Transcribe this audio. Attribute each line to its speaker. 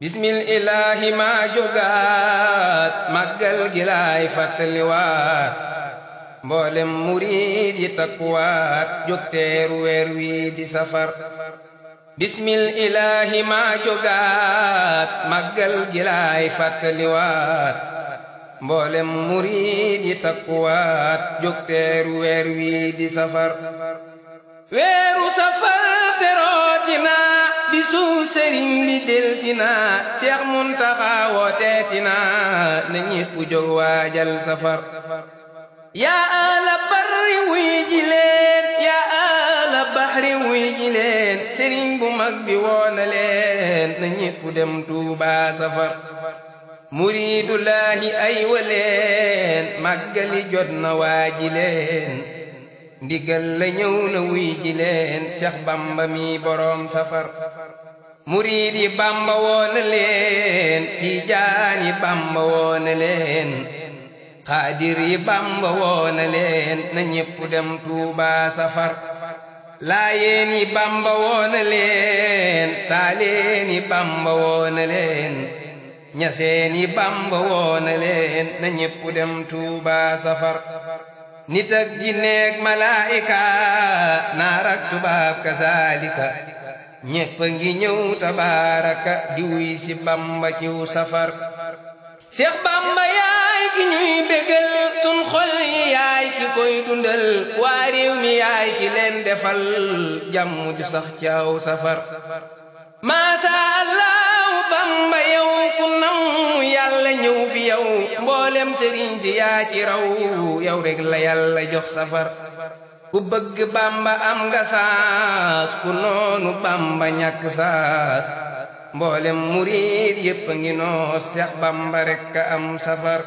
Speaker 1: bismil ilaahi maa jógaat màggal gi laay fàttaliwaat mboolem muriid weer wi di safar bismil ilaahi maa jógaat màggal gi laay fàttaliwaat mboolem muriid weer wi di safar weeru teetina Seex Muntaxa woo teetina na ñépp jóg waajal safar yaa ala barri wuy ji leen yaa ala bahri wuy ji leen sëriñ bu mag bi woona leen na ñépp dem Tuubaa safar muriidullaahi ay waleen màggali jot na waa ji leen ndigal la ñëw na wuy ji leen Seex Bamba mi boroom safar muriid yi bamba woona leen tiijaan yi bamba woona leen xaadir yi bamba woona leen na ñépp dem tuuba safar laayeen bamba woona leen taaleen bamba woona leen ñaseen bamba woona leen na ñépp dem tuuba safar nit ak jinneeg malaa'ika naar ak tubaab kazaalika ñépp ngi ñëw tabaaraka di wuy si bamba ciw safar seex bamba yaay ki ñuy bégal sun xol yi yaay ki koy dundal waa mi yaay ki leen defal jàmm ju sax ci aw safar maasa allahu bamba yow ku nam yàlla ñëw fi yow mboolem sëriñ si yaa ci raw yow rek la yàlla jox safar ku bëgg bamba am nga saas ku noonu bamba ñàkk saas mboolem murid yépp a ngi noos Seex bamba rekk am safar